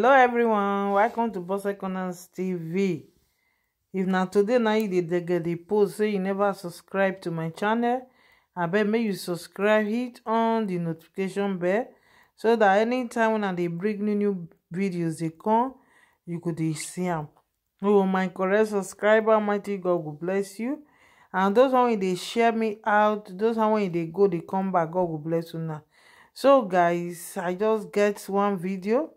hello everyone welcome to Boss Corners tv if na today now you dey get the post say you never subscribe to my channel I abeg make you subscribe hit on the notification bell so that anytime when they dey bring new new videos they come you could see them. oh my correct subscriber mighty god will bless you and those one wey dey share me out those one wey dey go they come back god will bless you now. so guys i just get one video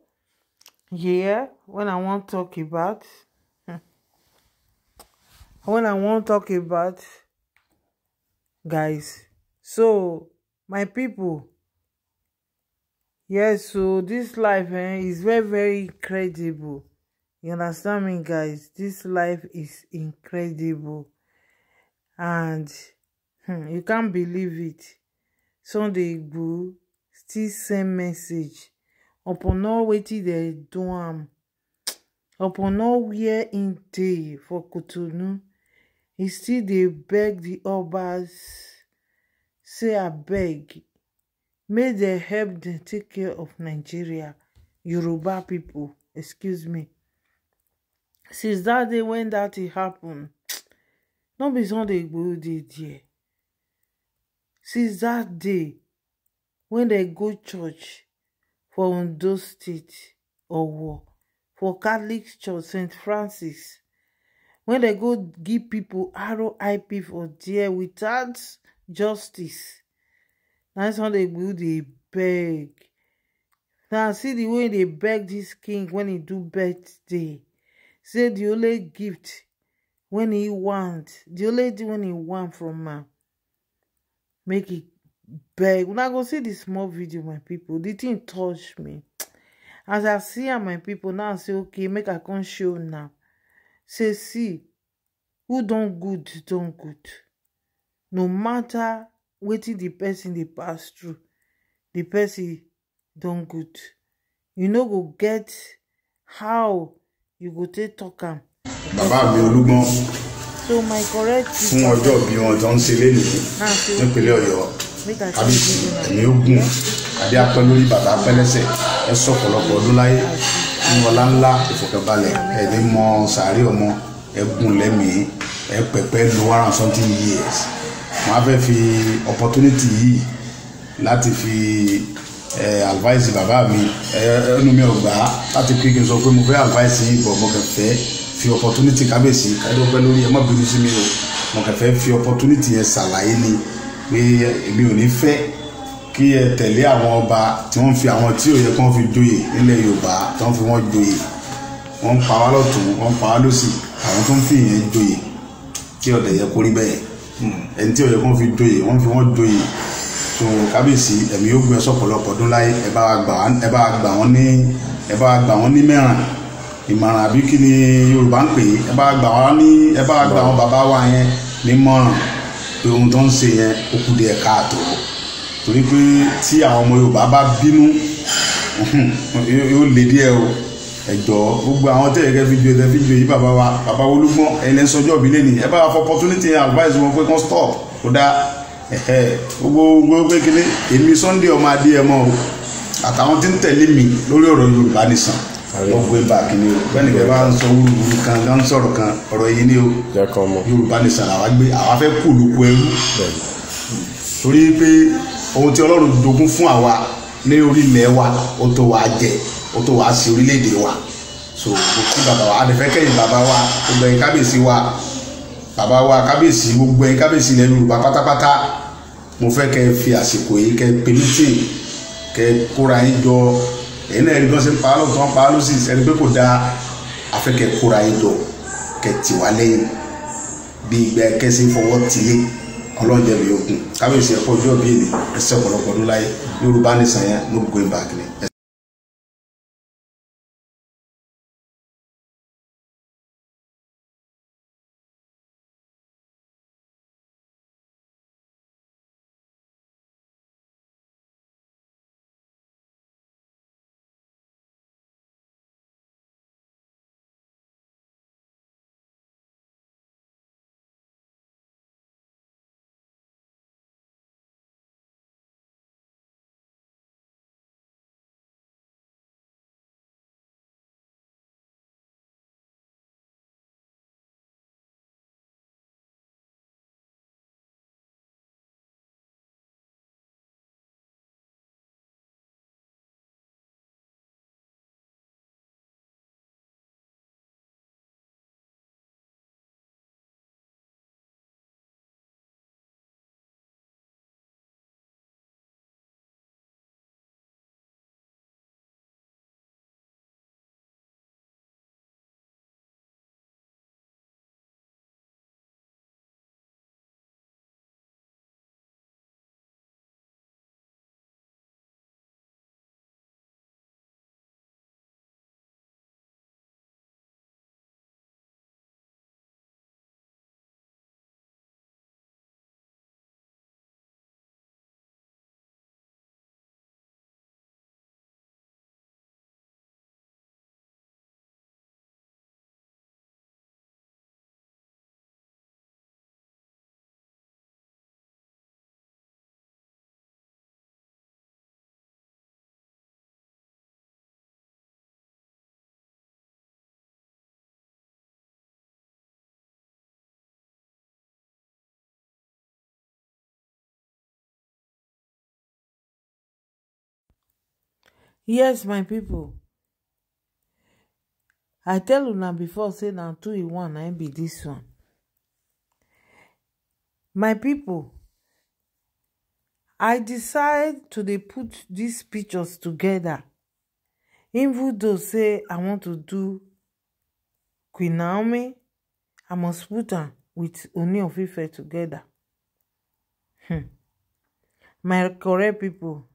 Yeah, when I want to talk about hmm, when I want to talk about guys. So my people yes so this life eh, is very very incredible you understand me guys this life is incredible and hmm, you can't believe it Sunday Igboho still same message upon all wetin dem do am upon all wia im dey for kotonu e still dey beg di obas say abeg make dem help dem take care of nigeria yoruba pipo excuse me since dat day wen dat tin happen no be sunday igboho dey there since dat day wen dem go church for Ondo State, Owo, for Catholic Church, St. Francis. When they go give people RIP for there without justice, that's how they go, they beg. Now, see the way they beg this king when he do birthday. Say the only gift when he want, the only thing when he want from man, make it beg when I go see this small video my people, the thing touch me as i see am my people now I say okay make i come show now say see who don good don good no matter wetin the person they pass through the person don good you know go get how you go take talk him. bàbá mi olúgbọ́n fún ọjọ́ bí wọn tó ń ṣe lẹ́nu nípínlẹ̀ ọ̀yọ́ kábíyèsí ẹ̀mí ogun adé apẹ́ lórí bàtà apẹ́ ẹ sọ ọ̀pọ̀lọpọ̀ ọdún láyé ní ọlá ìfọ̀kànbalẹ̀ ẹ̀mí mọ sàárè ọmọ ẹ̀gùn lẹ́mìí ẹ̀ pẹ̀pẹ́ lo one and something years wọ́n á fẹ́ fi opportunity yìí láti fi ẹ advice bàbá mi ẹ ẹnu mi ò láti kí n sọ pé mo fẹ́ advice yìí bọ̀ mo kàn fẹ́ fi opportunity kábèsí ẹdọ́gbẹ́ lórí ẹ má bínú sí mi o mo kàn fẹ́ fi opportunity yẹn ṣàlàyé ni pé èmi ò ní fẹ́ kí ẹ tẹ̀lé àwọn ọba tí wọ́n fi àwọn tí ò yẹ kán fi joyè nílẹ̀ yorùbá tí wọ́n fi wọ́n joyè wọ́n ń pa wá lọ́tún wọ́n ń pa wá lọ́sì àwọn tó ń fi ìyẹn joyè tí ọ̀dẹ̀ yẹ kórí bẹ́ẹ̀ ẹni tí ò yẹ kán fi joyè wọ́n fi wọ́n joyè so kábíyèsí ẹ̀mí yóò gbé sọ̀pọ̀lọpọ̀ ọdún láyé ẹ bá wa gbà wọ́n ní ẹ bá wa gbà wọ́n ní mẹ́ràn ìmọ̀ràn àbí kí ni yorùbá ń pè é ẹ bá wa gbà wọ́n ní ẹ bá wa gbà wọ́n bàbá wa yẹn ní mọ̀ràn pé ohun tó ń ṣe yẹn ó kù díẹ̀ káàtó torí pé tí àwọn ọmọ Yorùbá bá bínú yóò lé díẹ̀ o ẹjọ gbogbo àwọn tẹ̀yẹ kẹ́ fi ju ẹ̀tẹ́ fi ju èyí bàbá wa bàbá Olúgbọ́n ẹ̀lẹ́ sọjọ́ ìbílẹ̀ ni ẹ bá wa fọ opportunity advice wọn pé kàn stop kó dá gbogbo gbogbo pé kíní èmi Sunday ọmọ adé mọ́ o àtàwọn tí ń tẹ̀lé mi lórí ọ̀rọ̀ Yorùbá nìsan wọ́n gbé báàkì ni o bẹ́ẹ̀ nìkan bá ń sọ wúruwúru kan bá ń sọ̀rọ̀ kan ọ̀rọ̀ yìí ni o yorùbá ní sàn àwa gbé àwa fẹ́ kú olùkú ẹrú torí pé ohun tí ọlọ́run dogun fún àwa ní orí ilẹ̀ wa ó tó wàá jẹ ó tó wàá sí orílẹ̀-èdè wa so kí bàbá wa àdìfẹ́ kẹ́yìn bàbá wa gbogbo ẹ̀yin kábíyèsí wa bàbá wa kábíyèsí gbogbo ẹ̀yin kábíyèsí ilẹ̀ yorùbá pátápátá mo fẹ́ kẹ́ fi àsìkò yìí kẹ́ pèmítì kẹ́ kóra yín jọ ẹ̀yin náà ẹni bí wọ́n ṣe ń pa á lọ́wọ́ tó ń pa á lọ́sì ẹni pé kò dáa afẹ́kẹ́ kóra yín jọ kẹ́ wá lẹ́yìn bí ìgbà kẹ́sì fọwọ́ tìlé ọlọ́jẹ̀ mi ò kún kábíyèsí ẹ̀kọ́ ojú ọ̀bí èlé ẹ̀sẹ̀ ọ̀pọ̀lọpọ̀ ọdún láyé yorùbá nìsàn no going back ni. yes my people. i tell you now before say now two in one I be this one my people, i decide to they put these pictures togeda even though say i want to do queen naomi i must put her with oni of ife togeda hmm my correct people.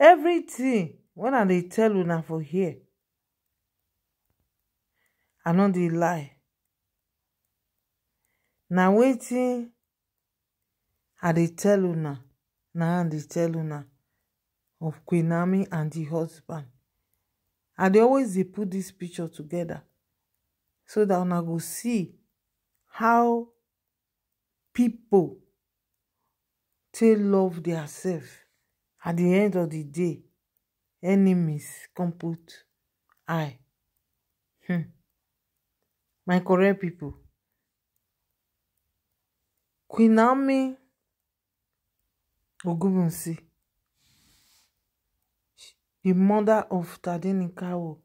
everything wen i dey tell una for here i no dey lie na wetin i dey tell una na i dey tell una of queen ami and di husband i dey always dey put dis picture togeda so dat una go see how pipo take love diasef at the end of the day enemies come put eye hmm. my Korean people, queen Ami, ogunwusi di mother of tadenikawo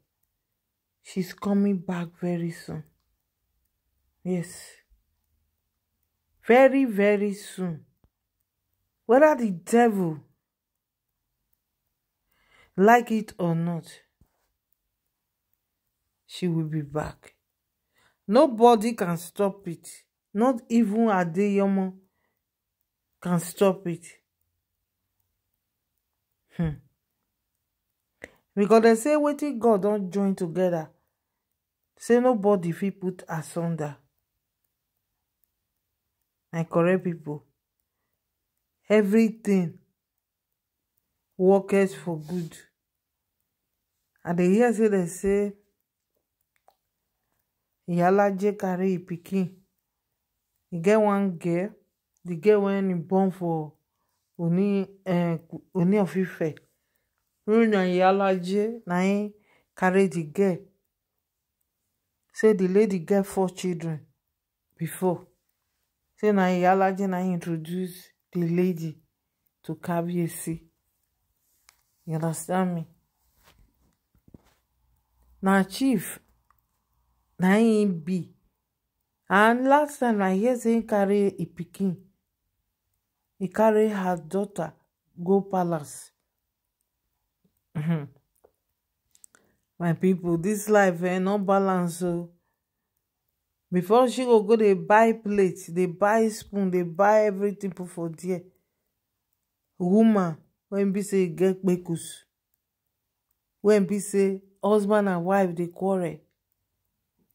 she's coming back very soon yes very very soon whether the devil like it or not she will be back nobody can stop it not even Adeyomo can stop it hmm. because they say wetin God don't join together say nobody he put asunder my correct pipo everything Workers for good And dey hear say they say iyalaje carry im pikin e get one girl the girl wen e born for oni oni eh, of ife wey na iyalaje na im carry the girl say the lady get four children before say na iyalaje na introduce the lady to kabiyesi You understand me? na chief na him be and last time i hear say him carry a pikin he carry her daughter go palace uhum. my pipo this life eh no balance o oh. before she go go they buy plate they buy spoon they buy everything put for there woman wen be say get kpekus wen be say husband and wife dey quarrel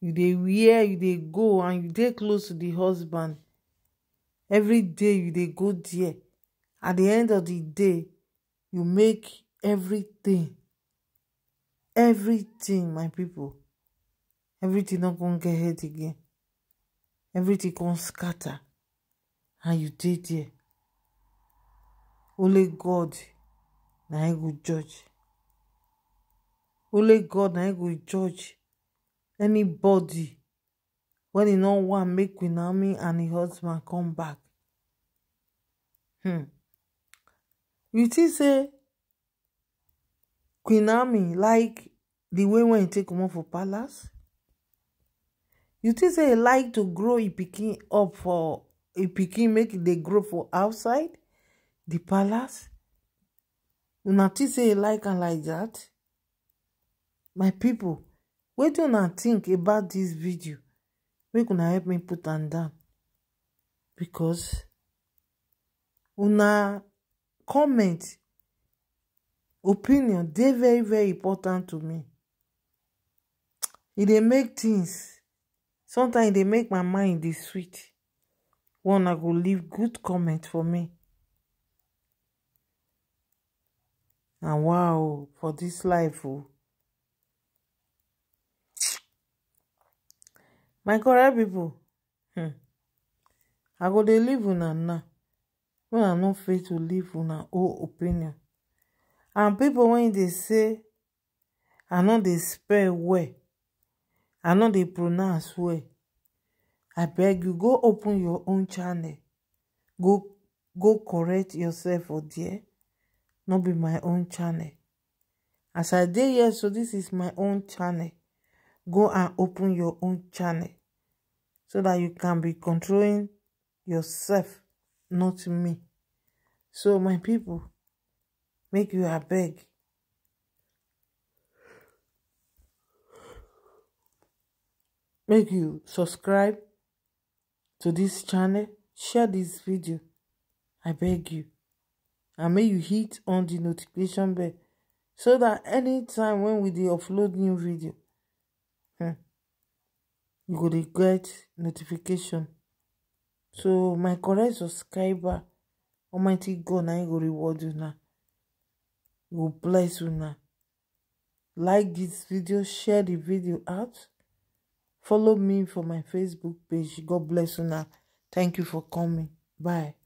you dey wear you dey go and you dey close to di husband every day you dey go there at di end of di day you make everything everything my pipo everything no come get head again everything come scatter and you dey there only god na him go judge only god na him go judge anybody when he no wan make queen and her husband come back hmm you think say queen like the way wey e take comot for palace you think say e like to grow e pikin up for e pikin make e dey grow for outside the palace una think say like and like that. my people, pipo wetin una think about this video We gonna help me put am down because una comment opinion They very very important to me It e they make things sometimes they e make my mind dey sweet one i go leave good comment for me na wow for dis life o oh. my correct pipo hmm i go dey leave una now when i no fit to leave una whole opinion and pipo wen dey say i no dey spell well i no dey pronounce well abeg you go open your own channel go go correct yourself for there Not be my own channel as i dey here so this is my own channel go and open your own channel so that you can be controlling yourself not me so my people make you a beg. make you subscribe to this channel share this video i beg you and may you hit on the notification bell so that anytime when we dey upload new video hmm, you go get notification so my correct subscriber almighty god na go reward una he go bless you now. like this video share the video out follow me for my facebook page god bless you now. thank you for coming bye